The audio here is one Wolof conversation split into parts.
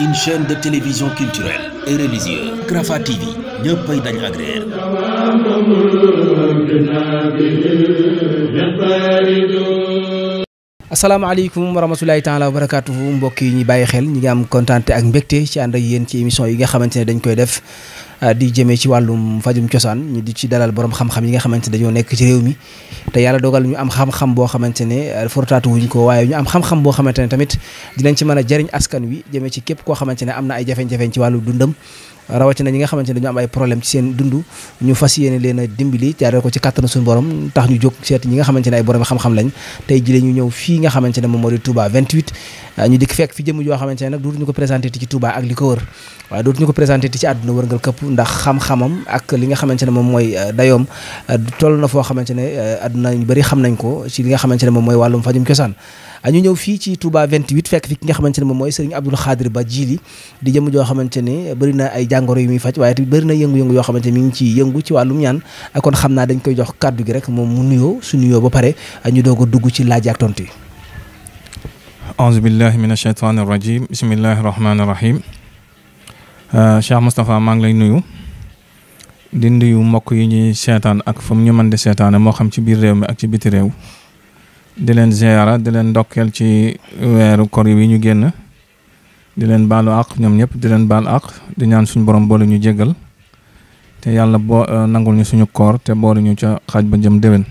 une chaîne de télévision culturelle et religieuse Rafah TV ñëppay dañ agréer asalaamaaleykum wa rahmatulahi taala wa barakaatuhu mbokk yi ñu bàyyi xel ñi ngi am kontaan ak mbégte ci ànd ak yéen ci émission yi nga xamante ne dañ koy def Ah, di jëmee ci wàllum fajum cosaan ñu di ci dalal borom xam-xam yi nga xamante ne dañoo nekk ci réew mi te yàlla dogal ñu am xam-xam boo xamante ne ah, fortaatu wuñ ko waaye ñu am xam-xam boo xamante ne tamit dinañ ci mën a jariñ askan wi jëmee ci képp koo xamante ne am na ay jafe-jafe ci wàllu dundam rawatina ñi nga xamante ne dañu am ay problème ci seen dund ñu fas yéene leen a dimbali jaaree ko ci kàttanu suñu borom tax ñu jóg seet ñi nga xamante ne ay borom xam-xam lañ tey jii ñu ñëw fii nga xamante ne moom moo di Touba 28 ah, ñu fekk fi jëmm joo xamante ne nag dootuñu ko présenté ci Touba ak li ko wër waaye dootuñu ko présenté ci àdduna wërngal këpp ndax xam-xamam ak li nga xamante ne moom mooy ah, dayoom ah, toll na foo xamante ne àdduna ñu bëri xam nañ ko ci li nga xamante ne moom mooy wàllum fajum cosaan añu ñëw fii ci Touba 28 fekk fi ki nga xamante ne moom mooy Serigne Abdoul Khadir Ba Djili di jëm joo xamante ni bëri na ay jàngoro yu muy faj waaye tamit bëri na yëngu-yëngu yoo xamante ni mi ngi ci yëngu ci wàllum ñaan kon xam naa dañ koy jox kàddu gi rek moom mu nuyoo su nuyoo ba pare ñu doog dugg ci laaj ak tontu yi aouzu billahi min ashaytaani rajim bismillahi rahmaani rahim euh, Cheikh Moustapha maa ngi lay nuyu di nuyu mbokk yi ñuy seetaan ak fa mu ñu mën di seetaane moo xam ci biir réew mi ak ci biti réew di leen ziara di leen ndokkeel ci weeru kor yi ñu génn di leen baalu àq ñoom ñëpp di leen baal àq di ñaan suñu borom boole ñu jéggal te yàlla boo euh, nangul ñu suñu koor te boole ñu ca xaaj ba jëm déwén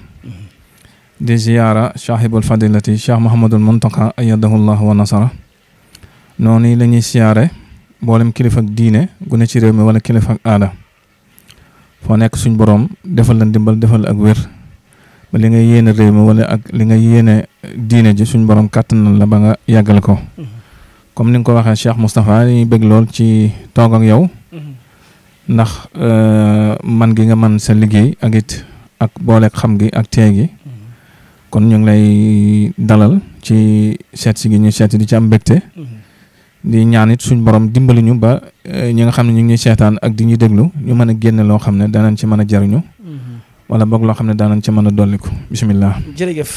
di ziara saahibul fadilati cheikh mahamadul muntaka ayadahu llah wa nasara noonu la ñuy siyaare mboolem kilifa ak diine gune ci réew mi wala kilifa ak aada foo nekk suñ borom defal la ndimbal defal ak wér ba li nga yéene réew mi wala ak li nga yéene diine ji suñ borom kàttanal la ba nga yàggal ko mm-hmm. comme ni nga ko waxee Cheikh Moustapha dañuy bëgg lool ci toog ak yow mm-hmm. ndax euh, man gi nga man sa liggéey ak it ak booleeg xam gi ak tee gi mm-hmm. kon ñu ngi lay dalal ci seet si gi ñu seet di ci am mbégte di ñaanit suñ borom dimbali ñu ba euh, ñu nga xam ne ñu ngi ñuy seetaan ak di ñuy déglu ñu mën a génne loo xam ne danañ ci mën a jariñu wala boog loo xam ne daanañ ci mën a dolliku bisimilah. jërëjëf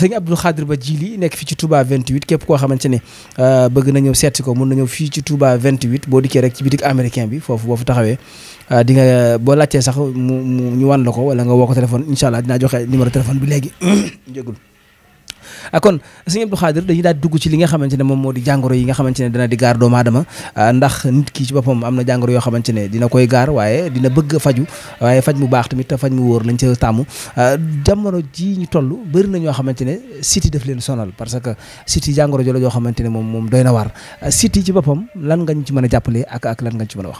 sëñ Abdou Khadir Ba Djili nekk fii ci Touba 28 képp koo xamante ne euh, bëgg na ñëw seet si ko mun na ñëw fii ci Touba 28 boo dikkee rek ci bitik américain bi foofu boo fa taxawee euh, di nga boo laajtee sax mu mu ñu wan la ko wala nga woo ko téléphone incha allah dina joxe numéro téléphone bi léegi njëgul. ah kon sëñ Abdou Khadir dañu daal dugg ci li nga xamante ne moom moo di jàngoro yi nga xamante ne dina di gaar doomu aadama ah, ndax nit ki ci boppam am na jàngoro yoo xamante ne dina koy gaar waaye dina bëgg faju waaye faj mu baax tamit faj mu wóor lañ ca tàmm ah, jamono ji ñu toll bëri na ñoo xamante ne siti daf leen sonal parce que siti jàngoro jolo yoo xamante ne moom moom doy na waar ah, siti ci boppam lan nga ñu ci mën a jàppale ak ak lan nga ci mën a wax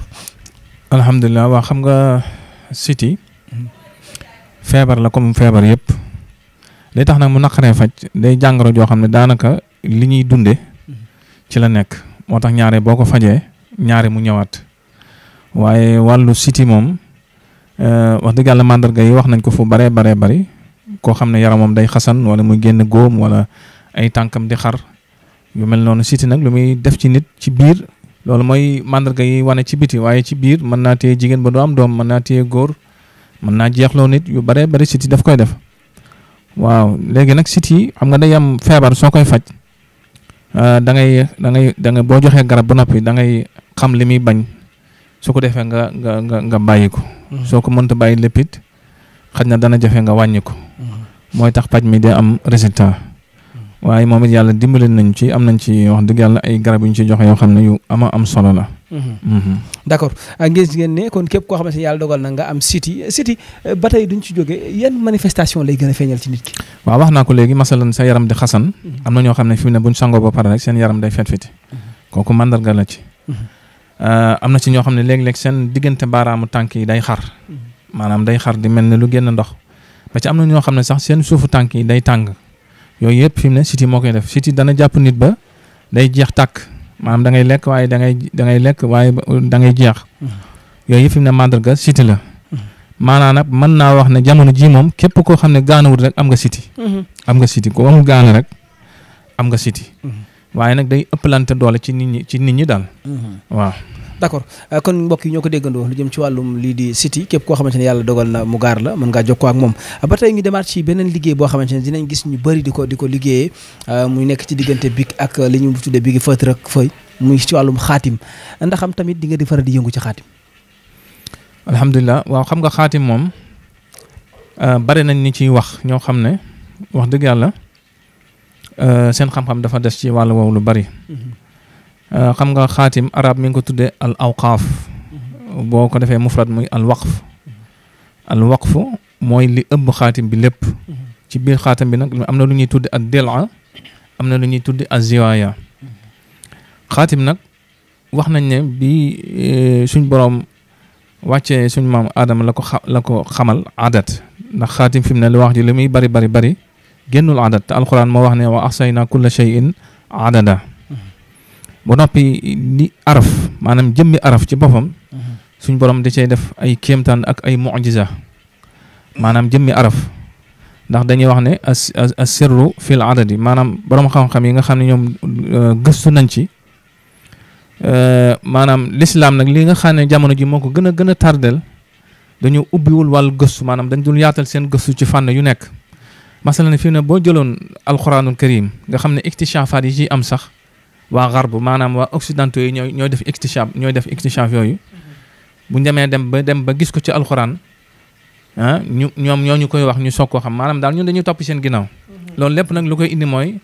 alhamdulilah waa xam nga siti hmm. feebar la comme feebar yëpp day tax nag mu naqaree faj day jàngoro joo xam ne daanaka li ñuy dunde ci la nekk moo tax ñaaree boo ko fajee ñaare mu ñëwaat waaye wàllu siti moom euh, wax dëgg yàlla màndarga yi wax nañ ko fu baree baree bari koo xam ne yaramam day xasan wala muy génn góom wala ay tànkam di xar yu mel noonu siti nag lu muy def ci nit ci biir loolu mooy màndarga yi wane ci biti waaye ci biir mën naa téye jigéen ba du am doom mën naa téye góor mën naa jeexloo nit yu baree bari siti daf koy def waaw léegi nag sites yi xam nga day am feebar soo koy faj euh, da dangay da ngay boo joxee garab ba noppi dangay xam li muy bañ su ko defee nga nga nga nga bàyyi ko. Mm-hmm. soo ko mënta bàyyi lépp it xaj na dana jafe nga wàññi ko. Mm-hmm. mooy tax paj mi day am résultat. waaye moom it yàlla dimbali nañ ci am nañ ci wax dëgg yàlla ay garab yu ñu ci joxe yoo xam ne yu ama am solo la. Mhm. Mhm. d' accord ah, ngeen ngeen kon képp koo xamante ne yàlla dogal na nga am siti siti eh, ba tey duñ ci jóge yan lay gën a feeñal ci nit waaw wax naa ko léegi masalan sa yaram di xasan. Mhm. am na ñoo xam ne fi ne buñ sangoo ba pare rek seen yaram day fet fiti kooku mandarga la ci. Ah, am na si ñoo xam ne léeg-léeg seen diggante baaraamu tànk yi day xar. maanaam day xar di mel ne lu génn ndox ba ci am na ñoo xam ne sax seen suufu tànk yi day tàng yooyu yëpp fi mu ne siti moo koy def siti dana jàpp nit ba day jeex tàkk maam da ngay lekk waaye da ngay da ngay lekk waaye da ngay jeex mm-hmm. yooyu yëpp fi mu ne màndarga siti la mm-hmm. maanaam nag mën naa wax ne jamono ji moom képp koo xam ne gaanuwut rek am nga siti mm-hmm. am nga siti ko amul gaana rek am nga siti waaye nag day ëppalante doole ci nit ñi ci nit ñi daal waaw d'accord euh, kon mbokk yi ñoo ko déggandoo lu jëm ci wàllum lii di Siteu képp koo xamante ne yàlla dogal na mu gaar la mën ngaa ko ak moom ba tey ñu demaat ci beneen liggéey boo xamante ne gis ñu bëri di ko di ko liggéeyee euh, muy nekk ci diggante big ak euh, li ñu tuddee bigi fëtër ak fëy muy ci wàllum xaatim ndax am tamit di nga di faral di yëngu ci xaatim alhamdulilah waaw xam nga xaatim moom bari nañ ni ci wax ñoo xam ne wax dëgg yàlla seen xam-xam dafa des ci wàll wow lu bari mm-hmm. Euh, xam nga xaatim arab mi ngi ko tuddee al awqaaf mm-hmm. boo ko defee mufrad muy al waqf mm-hmm. al mooy li ëmb xaatim bi lépp mm-hmm. ci biir xaatim bi nag am na lu ñuy tudde ad dila am na lu ñuy tudde az ziwaaya xaatim nag wax nañ ne bi e, suñ boroom wàccee suñ maam aadama la ko xa la ko xamal adat ndax xaatim fi mu ne li wax ji li muy bari bari bari génnul adat te alquran moo wax ne wa ahsayna kulla shay'in adada ba noppi li araf maanaam jëmmi araf ci boppam mm-hmm. suñ borom da cee def ay kéemtaan ak ay mucjisa maanaam jëmmi araf ndax dañuy wax ne as sirru fil adadi maanaam borom xam-xam yi nga xam ne ñoom euh, gëstu nañ ci euh, maanaam lislaam nag li nga xam ne jamono ji moo ko gën a gën a tardel dañoo ubbiwul wal gëstu maanaam dañ dul yaatal seen gëstu ci fànn yu nekk masalan fii ne boo jëloon alquranul karim nga xam ne ictichaafaat yi ci am sax waa xarbu maanaam waa occidentaux yi ñooy ñooy def ixtichab ñooy def ixtichab yooyu bu ñu demee dem ba dem ba gis ko ci alxuraan ah ñu ñoom ñoo ñu koy wax ñu soog koo xam maanaam daal ñun dañuy topp seen ginnaaw. Mhm. loolu lépp nag lu koy indi mooy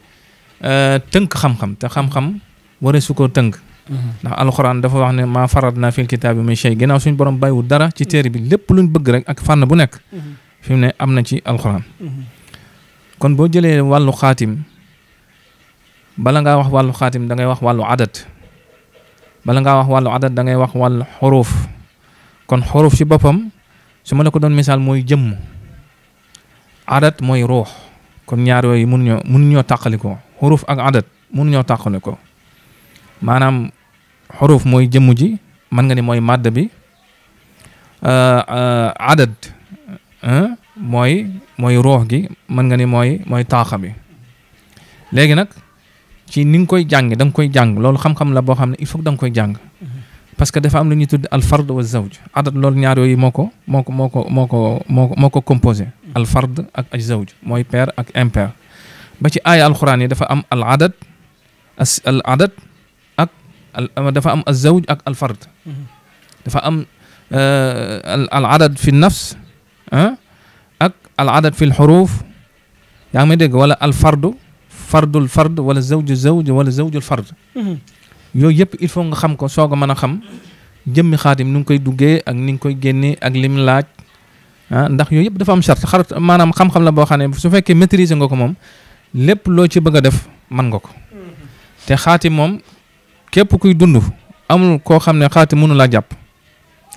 euh, tënk xam-xam te xam-xam waree su ko tënk. Mhm. ndax alxuraan dafa wax ne maa faral naa fil kitaab bi muy shay ginnaaw suñu borom bàyyiwul dara ci téere bi lépp luñ bëgg rek ak fànn bu nekk. Mhm. fi mu ne am na ci alxuraan. kon boo jëlee wàllu xaatim. bala ngaa wax wàllu xaatim da ngay wax wàllu adat bala ngaa wax wàllu adat da ngay wax wàllu xuruuf kon xuruuf ci boppam su ma la ko doon misaal mooy jëmm adat mooy ruux kon ñaar yooyu mënuñoo mënuñoo tàqalikoo xuruuf ak adat mënuñoo tàqalikoo maanaam xuruuf mooy jëmm ji mën nga ni mooy màdd bi adat mooy mooy ruux gi mën nga ni mooy mooy taaxa bi léegi nag ci ni nga koy jàng da nga koy jàng loolu xam-xam la boo xam ne il faut que da nga koy jàng parce que dafa am lu ñuy tudd al fard wa zawj adat loolu ñaar yooyu moo ko moo ko moo ko moo ko moo ko moo ko composé al fard ak ak zawj mooy pair ak impair ba ci aaya alxuraan yi dafa am al adat al adat ak al dafa am al zawj ak al fard dafa am euh, al adad fi nafs ah, ak al adad fi l xuruuf yaa ngi may dégg wala al fardu fardul fard wala zawju zawj wala zawjul fard mhm. yooyu yëpp il faut nga xam ko soog a mën a xam jëmmi xaatim ni nga koy duggee ak ni nga koy génnee ak lim laaj ah ndax yooyu yëpp dafa am charte xar maanaam xam-xam la boo xam ne su fekkee maîtriser nga ko moom lépp loo ci bëgg a def man nga ko mhm. te xaatim moom képp kuy dund amul koo xam ne xaatim mënu jàpp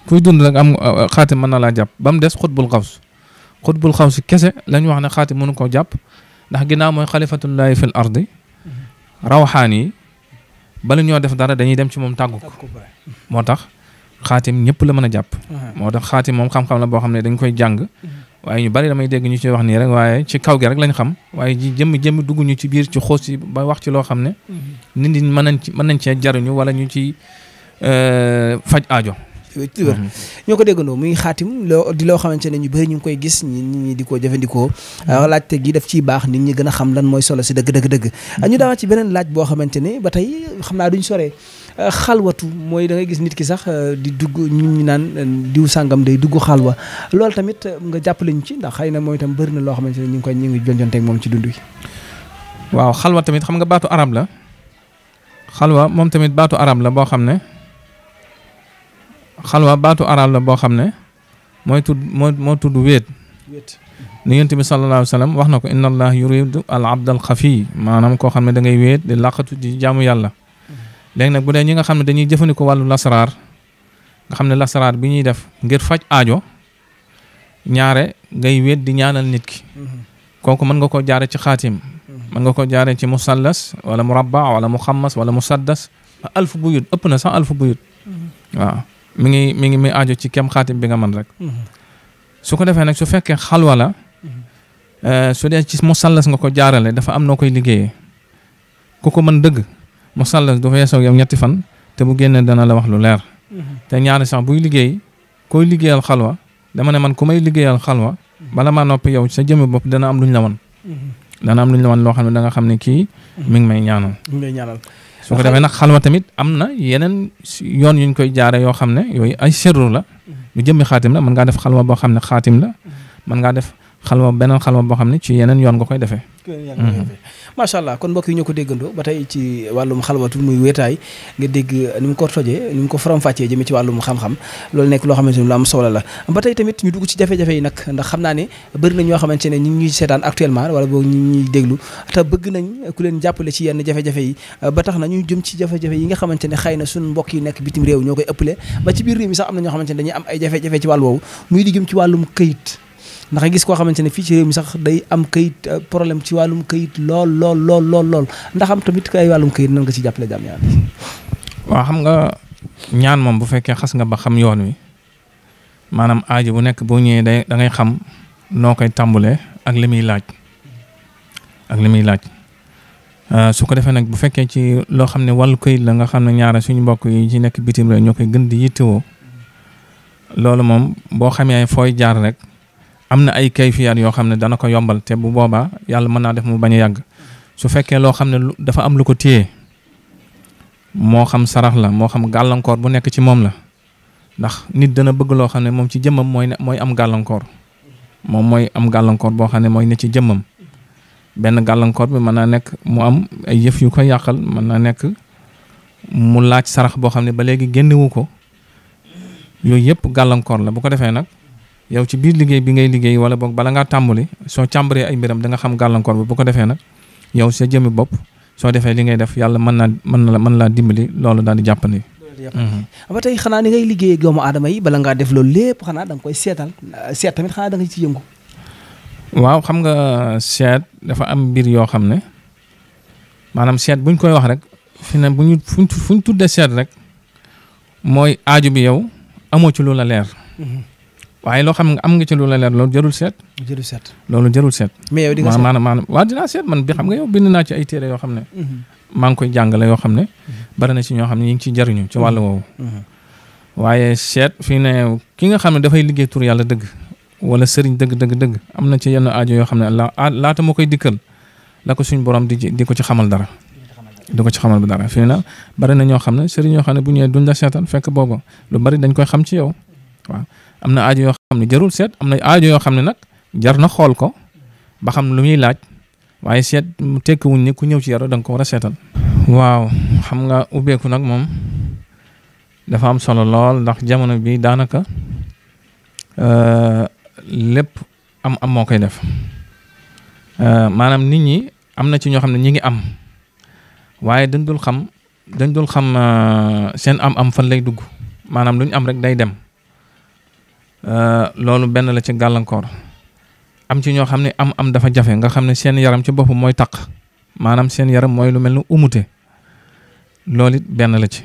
kuy dund rek am euh, xaatim mën na laa jàpp ba mu des xutbul xaws xutbul xaws kese lañu wax ne xaatim mënu koo jàpp ndax ginnaaw mooy xalifatullahi fil ardi rawxaan yi bala ñoo def dara dañuy dem ci moom tàggu moo tax xaatim ñëpp la mën a jàpp moo tax xaatim moom xam-xam la boo xam ne dañ koy jàng mm-hmm. waaye ñu bari damay dégg ñu ci wax nii rek waaye ci kaw gi rek lañ xam waaye ji jëmm jëmm dugg ñu ci biir ci xoos yi ba wax ci loo xam ne mm-hmm. nit ñi mën nañ ci mën nañ cee jaruñu wala ñu ci euh, faj aajo Mm-hmm. ñoo ko déggandoo muy xaatim loo di loo xamante ne ñu bëri ñu ngi koy gis ñi nit ñi di ko jëfandikoo mm-hmm. laajte gii def ciy baax nit ñi gën a xam lan mooy solo si dëgg dëgg dëgg mm-hmm. ñu daawaat ci beneen laaj boo xamante ne ba tey xam naa duñ soree euh, xalwatu mooy dangay gis nit ki sax euh, di dugg ñun ñu naan euh, diw sàngam day dugg xalwa loolu tamit nga jàppale ñu ci ndax xëy na mooy itam bëri na loo xamante ne ñu ngi koy ñu ngi jonjonteeg moom ci dund gi waaw xalwa tamit xam nga baatu arab la xalwa moom tamit baatu arab la boo xam ne xalwa baatu arab la boo xam ne mooy tudd moo moo tudd wéet ni yonent bi sallallahu alayhi wa wax na ko inna allah yuridu al abdal xafi maanaam koo xam ne da ngay wéet di làqatu di jaamu yàlla léegi nag bu dee ñi nga xam ne dañuy jëfandikoo wàllu lasaraar nga xam ne lasaraar bi ñuy def ngir faj aajo ñaare ngay wéet di ñaanal nit ki kooku mën nga koo jaare ci xaatim mën nga ko jaare ci musallas wala murabba wala muxammas wala musaddas alfu buyut ëpp na sax alfu buyut waaw mi ngi mi ngi may aajo ci kem xaatim bi nga mën rek. Mhm. su ko defee nag su fekkee xalwa la. Mhm. Eh, su dee ci musallas nga ko jaarale dafa am noo koy liggéeyee ku ko mën dëgg musallas du weesoo yow ñetti fan te bu génnee dana la wax lu leer. Mhm. te ñaari sax buy liggéey koy liggéeyal xalwa dama ne man ku may liggéeyal xalwa bala ma noppi yow sa jëmmi bopp dana am luñ la wan. dana am luñ la wan loo xam ne da nga xam ne kii. mu ngi may ñaanal. su ko defee nag xalwa tamit am na yeneen yoon yu ñu koy jaaree yoo xam ne yooyu ay sirru la lu jëmmi xaatim la mën ngaa def xalwa boo xam ne xaatim la mm-hmm. mën ngaa def xalwa beneen xalwa boo xam ne ci yeneen yoon nga koy defee macha allah kon mbokk yi ñoo ko déggandoo ba tey ci wàllum xalwatu muy wéetaay nga dégg nu mu ko tojee nu mu ko faram-fàccee jëmee ci wàllum xam-xam loolu nekk loo xamante ni lu am solo la ba tey ñu dugg ci jafe yi nag ndax naa ne bëri na ñoo xamante ne ñu ngi ñuy seetaan actuellement wala boo ñu ñuy déglu te bëgg nañ ku leen jàppale ci yenn jafe-jafe yi ba tax na ñu jëm ci jafe-jafe yi nga xamante ne xëy na suñ mbokk yi nekk bitim réew ñoo koy ëppale ba ci biir réew mi sax am na ñoo xamante ne dañuy am ay jafe-jafe ci wàll woowu muy di jëm ci wàllum ndax gis koo xamante ne fii ci réew mi sax day am kayit euh, problème ci wàllum kayit lool lool lool lool lool ndax am tamit ay wàllum kayit nan nga ci jàppale jàmm yaa xam nga ñaan moom bu fekkee xas nga ba xam yoon wi maanaam aajo bu nekk boo ñëwee day da xam noo koy tàmbalee ak la muy laaj ak li muy laaj euh, su ko defee nag bu fekkee ci loo xam ne wàllu kayit la nga xam ne ñaara suñu mbokk yi ci nekk bitim réew ñoo koy gën di yittewoo loolu moom boo xamee fooy jaar rek. am na ay kayfiyaat yoo xam ne dana ko yombal te bu boobaa yàlla mën naa def mu bañ a yàgg su fekkee loo xam ne dafa am lu ko téye moo xam sarax la moo xam gàllankoor bu nekk ci moom la ndax nit dana bëgg loo xam ne moom ci jëmmam mooy ne mooy am gàllankoor moom mooy am gàllankoor boo xam ne mooy ne ci jëmmam benn gàllankoor bi mën naa nekk mu am ay yëf yu ko yàqal mën naa nekk mu laaj sarax boo xam ne ba léegi génnewu ko yooyu yëpp gàllankoor la bu ko defee nag yow ci biir liggéey bi ngay liggéey wala boog bala ngaa tàmbali soo càmbaree ay mbiram danga xam gàllankoor bi bu ko defee nag yow sa jëmmi bopp soo defee li ngay def yàlla mën naa mën na la mën laa dimbali loolu daal di jàppandi. Mm-hmm. ba tey xanaa ni ngay liggéey doomu aadama yi bala ngaa def loolu lépp xanaa da koy seetal seet tamit xanaa da nga ci yëngu. waaw xam nga seet dafa am mbir yoo xam ne maanaam seet buñ koy wax rek fi ne bu ñu fuñ fuñ tuddee seet rek mooy aaju bi yow amoo ci lu leer. Mm-hmm. waaye loo xam nga am nga ci lu la leer loolu jarul seet. jarul seet loolu jarul seet. mais yow di nga seet maanaam maanaam dinaa seet man bi xam nga yow bind naa ci ay téere yoo xam ne. Mm-hmm. maa koy jàngale yoo xam ne. Mm-hmm. bari na ci ñoo xam ne ñu ngi ciy jariñu ci wàll woowu. Mm-hmm. waaye seet fii ne ki nga xam ne dafay liggéey tur yàlla dëgg. wala sëriñ dëgg dëgg dëgg am na ci yenn aajo yoo xam ne la laata moo koy dikkal la suñu suñ borom di di ko ci xamal dara. di ko ci xamal dara fii na bari na ñoo xam ne sëriñ yoo xam ne bu ñëwee duñ la seetaan fekk boobu lu bari dañ koy xam ci yow waaw am na ajo yoo xam ne jarul seet am na aajo yoo xam ne nag jar na xool ko ba xam lu muy laaj waaye seet tekkiwuñ ni ku ñëw ci yaro danga ko war a seetal. waaw xam nga ubbeeku nag moom dafa am solo lool ndax jamono bi daanaka euh, lépp am am koy def euh, maanaam nit ñi am na ci ñoo xam ne ñi ngi am waaye dañ dul xam dañ dul xam euh, seen am am fan lay dugg maanaam lu ñu am rek day dem. Euh, loolu benn la ci gàllankoor am ci ñoo xam ne am am dafa jafe nga xam ne seen yaram ci boppam mooy taq maanaam seen yaram mooy lu mel ni umute loolu it benn la ci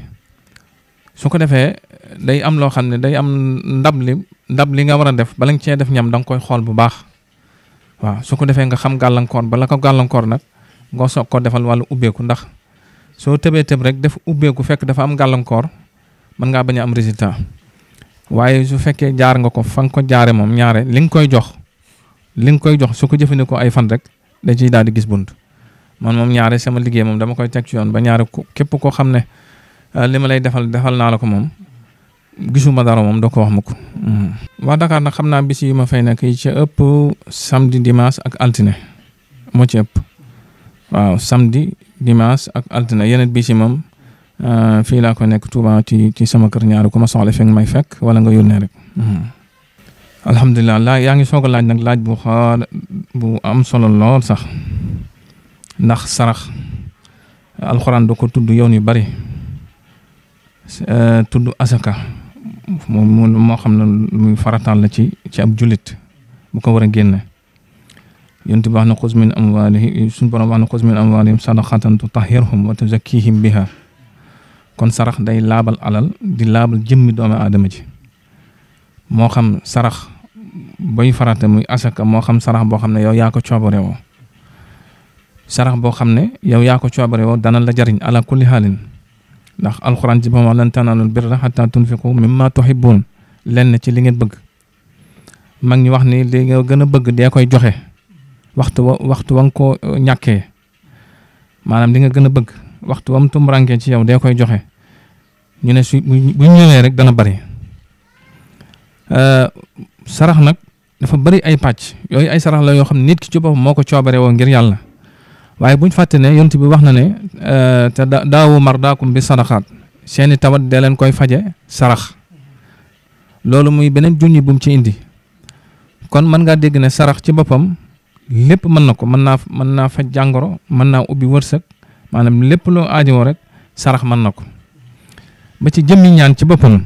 su ko defee day am loo xam ne day am ndab li ndab li nga war a def bala nga cee def ñam da nga koy xool bu baax waaw su ko defee nga xam gàllankoor bala ko gàllankoor nag nga soog ko defal wàllu ubbeeku ndax soo tëbee tëb rek def ubbeeku fekk dafa am gàllankoor mën ngaa bañ a am résultat. waaye su fekkee jaar nga ko fa nga ko jaare moom ñaare li nga koy jox li nga koy jox su ko jëfandikoo ay fan rek da ciy daal di gis bunt man moom ñaare sama liggéey moom dama koy teg ci yoon ba ñaare ko képp koo xam ne ah, li ma lay defal defal naa la ko moom gisuma dara moom doo ko wax ma ko hmm. waa Dakar nag xam naa bis yi ma fay nekk yi ci ëpp samedi dimanche ak altine moo ci ëpp waaw samedi dimanche ak altine yeneen bis yi moom Euh, fii laa ko nekk Touba ci ci sama kër ñaar ku ma soxla fekk may fek wala nga yónnee rek. Hmm. yaa ngi soog laaj nag laaj bu xaar bu am solo lool sax ndax sarax alxuraan da ko tudd yoon yu bari euh, tudd asaka moom moo xam ne muy farataal ci ci ab jullit bu ko war a génne yonent bi na xuz min amwaalihim suñu borom wax na xuz min amwaalihim biha kon sarax day laabal alal di laabal jëmmi doomu aadama ji moo xam sarax boy farata muy asaka moo xam sarax boo xam ne yow yaa ko coobare woo sarax boo xam ne yow yaa ko coobare woo dana la jariñ ala kulli xaalin ndax alxuraan ci boppam lan tanaalul birra xataa tunfiqu mimma tuhibbun lenn ci li bëgg mag ñi wax ni li nga gën a bëgg dee koy joxe waxtu wa waxtu wa nga koo uh, ñàkkee maanaam li nga gën a bëgg waxtu wa mu ci yow dee koy joxe ñu ne su bu ñëwee rek dana bari euh, sarax nag dafa bari ay pàcc yooyu ay sarax la yoo xam nit ki ci boppam moo ko coobare woo ngir yàlla waaye buñ fàtte ne yonent bi wax na ne euh, te daawu mardaakum bi saraxaat seeni tawat de leen koy faje sarax loolu muy beneen junñi bu ci indi kon mën ngaa dégg ne sarax ci boppam lépp mën na ko mën naa mën naa faj jàngoro mën naa ubbi wërsëg maanaam lépp loo aajowoo rek sarax mën na ko ba ci jëmmi ñaan ci boppam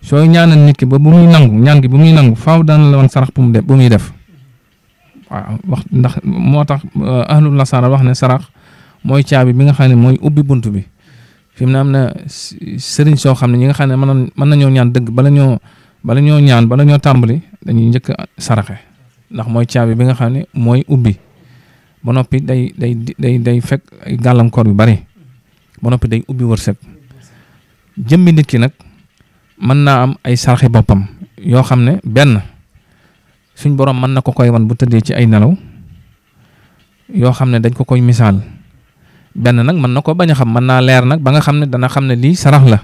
sooy ñaanal nit ki ba bu muy nangu ñaan bu muy nangu faaw daan la woon sarax bu bu muy def waaw ndax moo tax euh, ahlul nasara wax ne sarax mooy caabi bi nga xam ne mooy ubbi bunt bi fi mu ne am soo xam ne ñi nga xam ne mën mën nañoo ñaan dëgg bala ñoo bala ñoo ñaan bala tàmbali dañuy njëkk saraxe ndax mooy caabi bi nga xam ne mooy ubbi noppi day day day day fekk ay gàllankoor yu bari ba noppi day ubbi wërsëg jëmmi nit ki nag mën naa am ay sarxi boppam yoo xam ne benn suñ borom mën na ko koy wan bu tëddee ci ay nelaw yoo xam ne dañ ko koy misaal benn nag mën na ko bañ a xam mën naa leer nag ba nga xam ne dana xam ne lii sarax la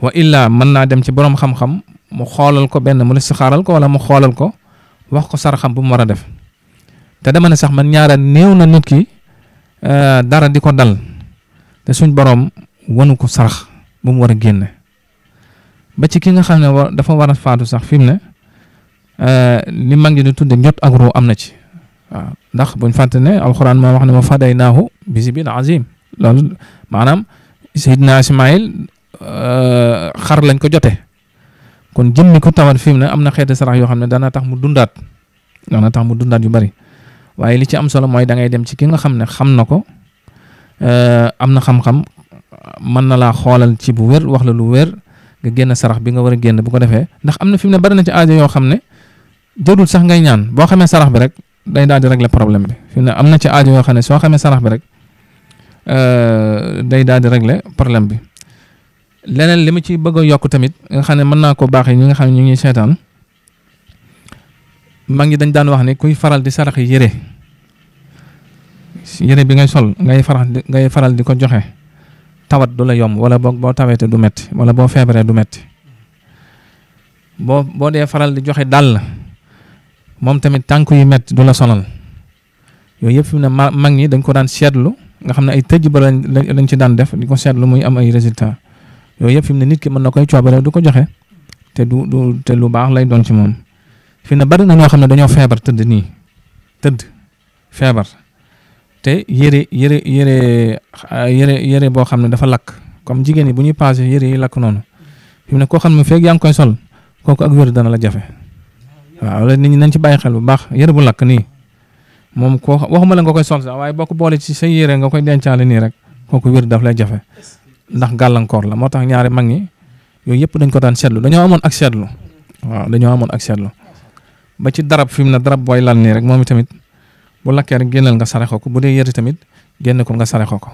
wa illaa mën naa dem ci boroom xam-xam mu xoolal ko benn mu listixaaral ko wala mu xoolal ko wax ko saraxam bu mu war a def te dama ne sax man ñaara néew na nit ki euh, dara di ko dal te suñ boroom wanu ko sarax bu mu war a génn ba ci ki nga xam ne dafa war a faatu sax fi mu ne ni euh, mag ñi di tudde njot ak am na ci ndax buñ fàtte ne alxuraan moo wax ne wa fadaynaahu bi zibin azim loolu maanaam Seydina Ismaïl euh, xar lañ ko jote kon jëmmi ko tawat fi mu ne am na xeeti sarax yoo xam ne dana tax mu dundaat dana tax mu dundaat yu bari waaye li ci am solo mooy da dem ci ki nga xam ne xam na ko euh, am na xam-xam mën na laa xoolal ci bu wér wax la lu wér nga génn sarax bi nga war a génn bu ko defee ndax am na fi mu ne bari na ci aajo yoo xam ne jërul sax ngay ñaan boo xamee sarax bi rek day daal di régler problème bi fi am na ci aajo yoo xam ne soo xamee sarax bi rek euh, day daal di régler problème bi leneen li ma ci bëgg a yokk tamit nga xam ne mën naa ko baaxee ñi nga xam ne ñu ngi seetaan mag ñi dañ daan wax ne kuy faral di sarax yére yére bi ngay sol ngay faral ngay faral di ko joxe. tawat du la yomb wala boog boo tawetee du metti wala boo feebaree du metti boo boo dee faral di joxe dàll moom tamit tànk yu metti du la sonal yooyu yëpp fi mu ne mag ñi dañ ko daan seetlu nga xam ne ay tëj ba lañ ci daan def di ko seetlu muy am ay résultat yooyu yëpp fi mu ne nit ki mën na koy coobare du ko joxe te du du te lu baax lay doon ci moom fi ne bari ñoo xam ne dañoo feebar tëdd nii tëdd feebar te yére yére yére yére yére boo xam ne dafa lakk comme jigéen yi bu ñuy paase yére yi lakk noonu fi ne koo xam ne feeg yaa ngi koy sol kooku ak wér dana la jafe waaw loolu nit ñi nañ ci bàyyi xel bu baax yére bu lakk nii moom koo waxuma la nga koy sol sax waaye boo ko boole ci sa yére nga koy dencaale nii rek kooku wér daf lay jafe ndax gàllankoor la moo tax ñaari mag ñi yooyu yëpp dañ ko daan seetlu dañoo amoon ak seetlu waaw dañoo amoon ak seetlu ba ci darab fi mu tamit bu lakkee rek génnal nga saraxe ko bu dee yëri tamit génn ko nga saraxe ko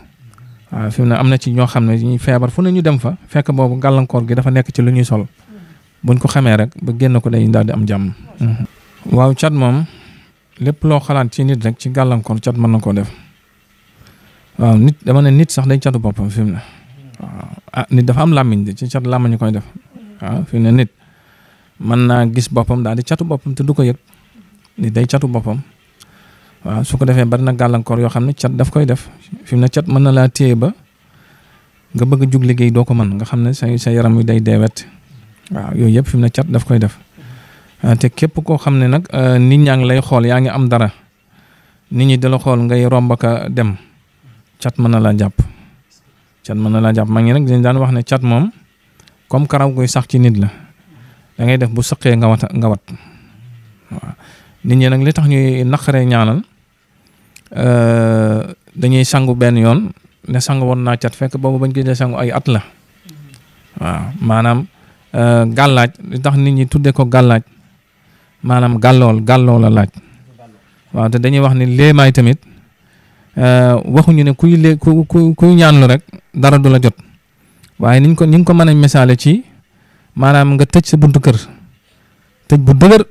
waaw fi mu ne am na ci ñoo xam ne ñu feebar fu ne ñu dem fa fekk boobu gàllankoor gi dafa nekk ci lu ñuy sol buñ ko xamee rek ba génn ko day daal di am jàmm. Mhm. waaw cat moom lépp loo xalaat ci nit rek ci gàllankoor cat mën na koo def waaw nit dama ne nit sax day catu boppam fi mu ne waaw ah nit dafa am làmmiñ de ci cat làmmiñ koy def waaw fi ne nit mën naa gis boppam daal di catu boppam te du ko yëg nit day catu boppam. waaw su ko defee bari na gàllankoor yoo xam ne cat daf koy def fi mu ne cat mën na laa téye ba nga bëgg jug liggéey doo ko mën nga xam ne sa sa yaram wi day deewet waaw yooyu yëpp fi mu ne cat daf koy def ah, te képp koo xam ne nag ah, nit ñaa ngi lay xool yaa ngi am dara nit ñi dala xool ngay romb ka dem cat mën na laa jàpp cat mën na laa jàpp maa ngi nag dañ daan wax ne cat moom comme karaw guy sax ci nit la dangay def bu sëqee nga wat nga nit ñi nag li tax ñuy naqaree ñaanal Euh, dañuy sangu benn yoon ne sangu woon naa cat fekk boobu bañ koy dee sangu ay at la waaw maanaam euh, gàllaaj lu tax nit ñi tuddee ko gàllaaj maanaam gàllool gàllool la laaj waaw te dañuy wax ni léemaay tamit euh, waxuñu ne kuy lée ku ku kuy rek dara du la jot waaye niñ ko ni nga ko mën a misaale ci maanaam nga tëj sa buntu kër tëj bu dëgër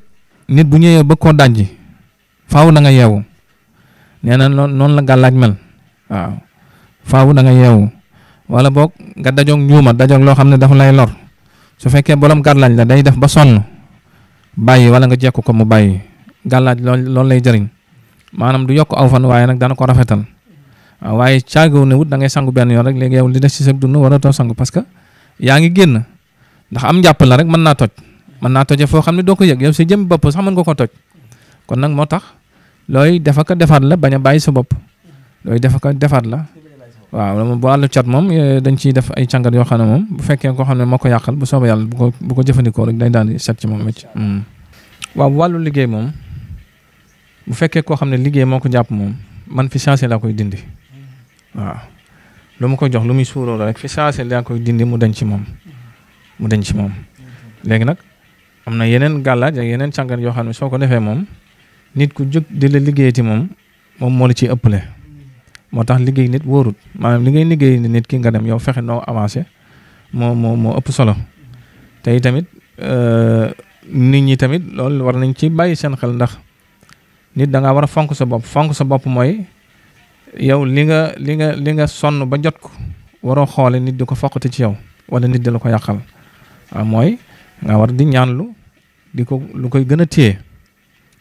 nit bu ñëwee ba koo dajji faaw na nga yeewu nee na noonu la gàllaaj mel waaw faaw da nga yeewu wala boog nga dajoog njuuma dajoog loo xam ne dafa lay lor su fekkee borom gàllaaj la day def ba sonn bàyyi wala nga jekk ko mu bàyyi gàllaaj loolu loolu lay jëriñ maanaam du yokk aw fan waaye nag dana ko rafetal waaye caagiw ne wut da ngay sangu benn yoon rek léegi yow li des ci sa dund waratoo sangu parce yaa ngi génn ndax am njàpp la rek mën naa toj mën naa toje foo xam ne doo ko yëg yow sa jëm bopp sax mën nga ko kon nag moo tax looy dafa ko defaat la bañ a bàyyi sa bopp looy dafa ko defaat la waaw bu wàllu cat moom eh, dañ ci def ay càngat yoo xam ne moom bu fekkee koo xam ne moo ko yàqal bu soobee bu ko bu ko jëfandikoo rek day daal di set ci moom wecc hmm. waaw bu liggéey moom bu fekkee koo xam ne liggéey moo ko jàpp moom man fi changé laa koy dindi waaw lu ma ko jox lu muy suuroo rek fi changé laa mu denc ci moom mu denc ci moom léegi nag am na yeneen gàllaaj ak yeneen càngat yoo xam ne soo ko defee moom nit ku jóg di la liggéeyati moom moom moo la ciy ëppale moo tax liggéey nit wóorut maanaam li ngay liggéey nit ki nga dem yow fexe noo avancé moo moo moo ëpp solo tey tamit euh, nit ñi tamit loolu war nañ ci bàyyi seen xel ndax nit danga ngaa war a fonk sa bopp fonk sa bopp mooy yow li nga li nga li nga sonn ba jot ko waroo xoole nit di ko foqati ci yow wala nit di la ko yàqal waaw mooy nga war di ñaan lu di ko lu koy gën a téye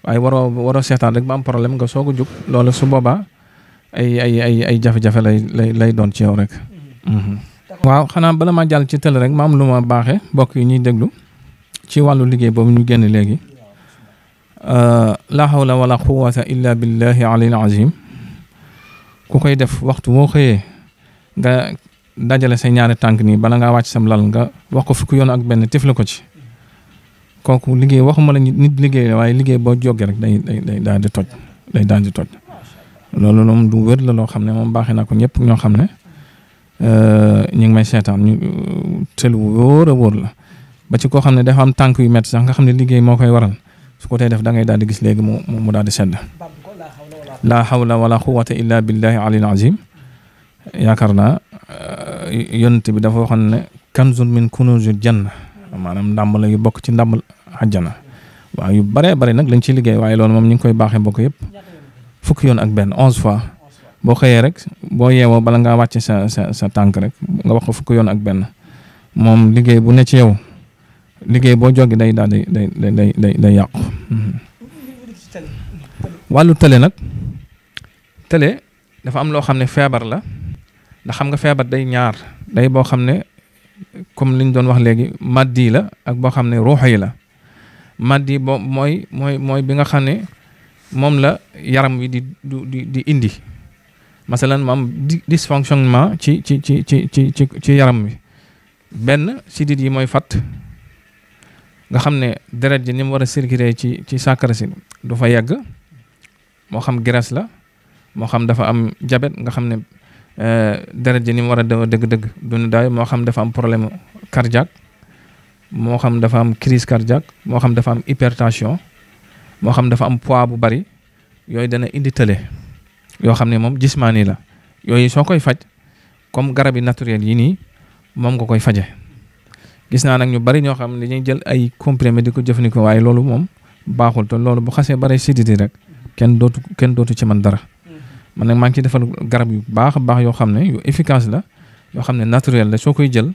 ay waroo waroo seetaan rek ba am problème nga soog a jóg loolu su boobaa ay ay ay ay jafe-jafe lay lay doon ci rek. Mhm. waaw xanaa bala ma jàll ci télé rek ma am lu ma baaxee mbokk yi ñuy déglu ci wàllu liggéey boobu ñu génn léegi. la hawla wala quwwata illa billahi alil azim ku koy def waxtu woo xëyee nga dajale se ñaari tànk nii bala ngaa wàcc sam lal nga wax ko fukki yoon ak benn tifle ko ci kooku liggéey waxuma la nit liggéey waaye liggéey boo jógee rek day day daal di toj day daal di toj loolu moom du wér la loo xam ne moom baaxee na ko ñëpp ñoo xam ne euh, ñu ngi may seetaan ñu tëlu wóor a wóor la ba ci koo xam ne dafa am tànk yu métti sax nga xam ne liggéey moo koy waral su ko tey def da ngay daal di gis léegi mu mu daal di sedd. laa hawla wala quwwata illa billahi alil azim yaakaar na euh, yonent bi dafa waxoon ne kanzun min kunuzil janna maanaam ndàmbala yu bokk ci ndàmbal àjjana waaw yu bare bare nag lañ ciy liggéey waaye loolu moom ñu ngi koy baaxee mbokk yëpp fukki yoon ak benn onze fois boo xëyee rek boo yeewoo bala ngaa wàcce sa sa sa tànk rek nga wax ko fukki yoon ak benn moom liggéey bu ne ci yow liggéey boo joggi day daal day day day day day yàqu. Mhm. nag télé dafa am loo xam ne feebar la ndax xam nga feebar day ñaar day boo xam ne comme liñ doon wax léegi maddi la ak boo xam ne ruux yi la. maddi bo mooy mooy mooy bi nga xam ne moom la yaram wi di di di indi masalan moom dysfonctionnement ci ci ci ci ci ci ci yaram wi benn sidit yi mooy fat nga xam ne deret ji ni mu war a circuler ci ci sàkkara si du fa yegg moo xam graisse la moo xam dafa am jabet nga xam ne euh, deret ji ni mu war a daw dëgg-dëgg du ne moo xam dafa am problème cardiaque moo xam dafa am crise cardiaque moo xam dafa am hypertension moo xam dafa am poids bu bari yooyu dana indi tële yoo xam ne moom jismaani la yooyu soo koy faj comme garab yi naturel yi nii moom nga koy faje gis naa nag ñu bari ñoo xam ne dañuy jël ay comprimé di ko jëfandikoo waaye loolu moom baaxul te loolu bu xasee bare sididi rek kenn dootu kenn dootu ci man dara man nag maa ngi ciy defal garab yu baax a baax yoo xam ne yu efficace la yoo xam ne naturel la soo koy jël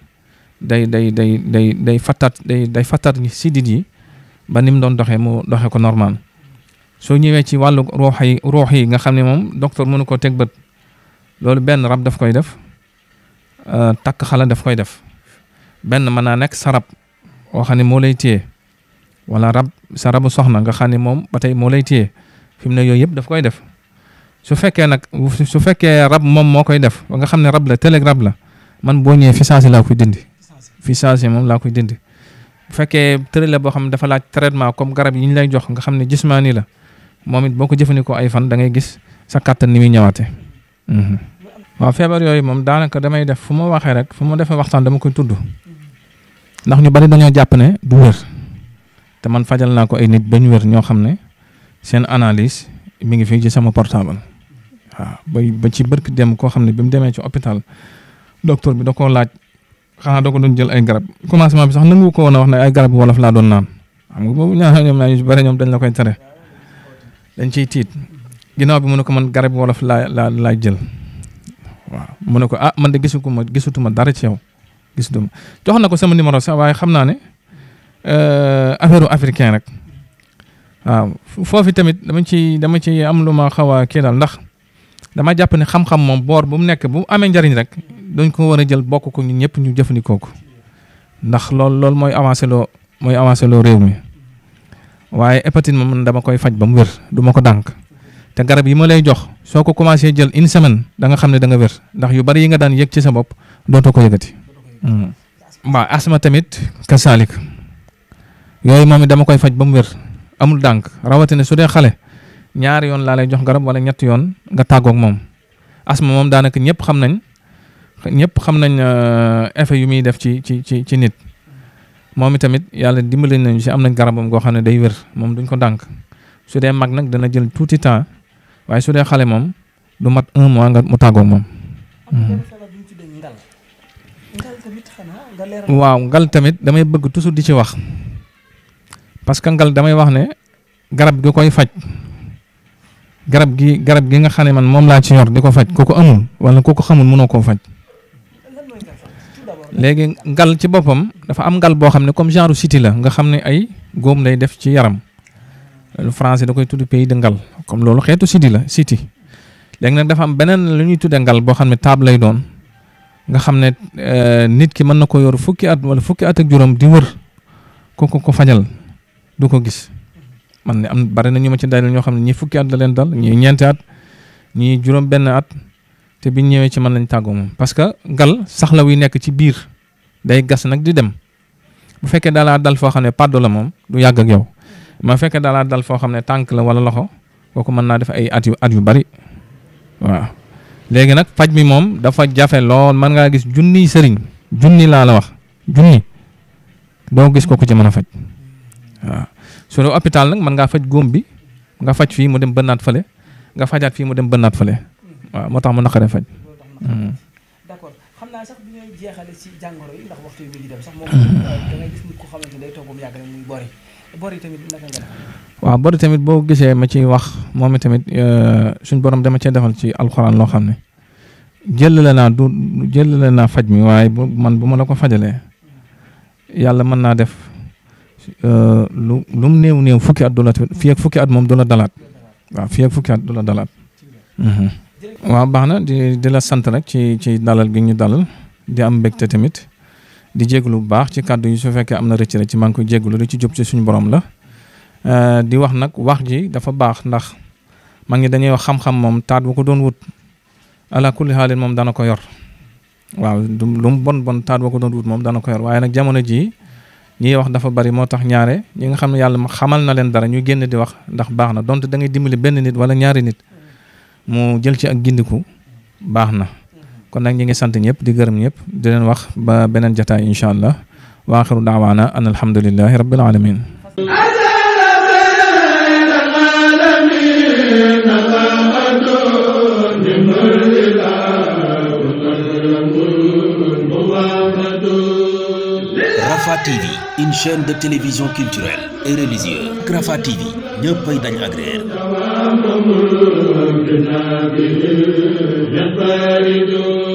day day day day day fattaat day day fattaat siddit yi ba ni mu doon doxee mu doxee ko normal soo ñëwee ci wàllu ruux yi yi nga xam ne moom docteur mënu ko teg bët loolu benn rab daf koy def euh, takk xala daf koy def benn mën naa nekk sarab rab xam ne moo lay téye wala rab sa rabu soxna nga xam ne moom ba tey moo lay téye fi mu ne yooyu yëpp daf koy def su fekkee nag su fekkee rab moom moo koy def ba nga xam ne rab la tëleeg rab la man boo ñëwee fi saasi laa koy dindi. fi changé moom laa koy dindi bu fekkee tërale boo xam ne dafa laaj traitement comme garab yi ñu lay jox nga xam ne jismaani la moom it boo ko jëfandikoo ay fan dangay gis sa kàttan ni muy ñëwaatee. Mhm. waaw feebar yooyu moom daanaka damay def fu ma waxee rek fu ma defee waxtaan dama koy tudd ndax ñu bari dañoo jàpp ne bu wér te man fajal naa ko ay nit ba ñu wér ñoo xam ne seen analyse mu ngi fii ci sama portable waaw ba ba ci barki dem koo xam ne bi mu demee ci hôpital docteur bi da laaj xanaa doo ko doon jël ay garab commencement bi sax nangu ko a wax ne ay garab wolof laa doon naan xam nga boobu ñaar ñoom naa ñu ñoom dañ la tere dañ ciy tiit ginnaaw bi mu na ko man garab wolof laa laa laa jël waaw mu ne ko ah man de ko ma gisutuma dara ci yow gisutuma jox na ko sama numéro sax waaye xam naa ne euh, affaire africain rek waaw foofu tamit dama ci dama ci am lu ma xaw a kii daal ndax dama jàpp ne xam-xam moom boor bu mu nekk bu amee njariñ rek dañ ko war a jël bokk ko ñu ñëpp ñu jëfandikoo ko ndax loolu loolu mooy avancé loo mooy avancé loo réew mi waaye hépatite moom man dama koy faj ba mu wér du ko dànk te garab yi ma lay jox soo ko commencé jël une semaine da xam ne da nga wér ndax yu bari yi nga daan yëg ci sa bopp dootoo ko yëgati. Hmm. waaw asma tamit kasaalik yooyu moom dama koy faj ba mu wér amul dànk rawatina su dee xale ñaari yoon laa lay jox garab wala ñetti yoon nga tàggoog moom asma moom daanaka ñëpp xam nañ. ñëpp xam nañ euh, effet yu muy def ci ci ci ci nit moom itamit yàlla dimbali nañu si am nañ garabam goo xam ne day wér moom duñ ko dànk su dee mag nag dana jël tuuti temps waaye su dee xale moom du mat un nga mu tàggoog moom. Mhm. waaw ngal tamit damay bëgg toujours di ci wax parce que ngal damay wax ne garab gi koy faj garab gi garab gi nga xam ne man moom laa ci yor di ko faj ku ko amul wala ku ko xamul mënoo koo faj. léegi ngal ci boppam dafa am ngal boo xam ne comme genre cité la nga xam ne ay góom lay def ci yaram loolu français da koy tudd pays de ngal comme loolu xeetu cité la cité léegi nag dafa am beneen la ñuy tuddee ngal boo xam ne taab lay doon nga xam ne euh, nit ki mën na ko yor fukki at wala fukki at ak juróom di wër ko ko ko fajal du ko gis man ne am bari na ñu ci dayal ñoo xam ne ñii fukki at la leen dal ñii ñeenti at ñii juróom benn at. te biñ ñëwee ci man lañ tàggoo moom parce que gal saxla wuy nekk ci biir day gas nag di dem bu fekkee daalaa dal foo xam ne pàddu la moom du yàgg ak yow ma fekkee daalaa dal foo xam ne tànk la wala loxo kooku mën naa def ay at yu at yu bari waaw léegi nag faj mi moom dafa jafe lool man ngaa gis junniy sëriñ junni laa la wax junni doo gis kooku ci mën a faj waaw su dee nag mën ngaa faj góom bi nga faj fii mu dem bënnaat fële nga fajaat fii mu dem bënnaat fële waaw moo tax mu naqaree faj. Hmm. d'accord xam naa hmm. bori tamit boo gisee ma ciy wax moom tamit euh, suñ borom dama cee defal ci alxuraan loo xam ne jëlale naa naa faj mi waaye man bu ma la ko fajalee yàlla mën naa def euh, lu lu mu néew new fukki at du la fii ak fukki at moom du la dalaat waaw fii fukki at du la dalaat. Hmm. waaw baax na di di la sant rek ci ci dalal gi ñu dalal di am mbégte tamit di jégalu bu baax ci kàddu yi su fekkee am na rëcc rek ci maa ngi koy jégalu lu ci jub ci suñu borom la euh, di wax nag wax ji dafa baax ndax maa ngi dañuy wax xam-xam moom taat bu ko doon wut ala kulli moom dana ko yor waaw du lu bon bon taat bu ko moom dana ko yor waaye nag jamono jii ñuy wax dafa bari moo tax ñaare ñi nga xam ne yàlla ma xamal na leen dara ñu génn di wax ndax baax na dont da ngay dimbali benn nit wala ñaari nit mu jël ci ak gindiku baax na kon nag ñi ngi sant ñëpp di gërëm ñëpp di leen wax ba beneen jataay incha allah wa axiru daawaana an alhamdulilahi rabbil alamin وجنا به ينفرد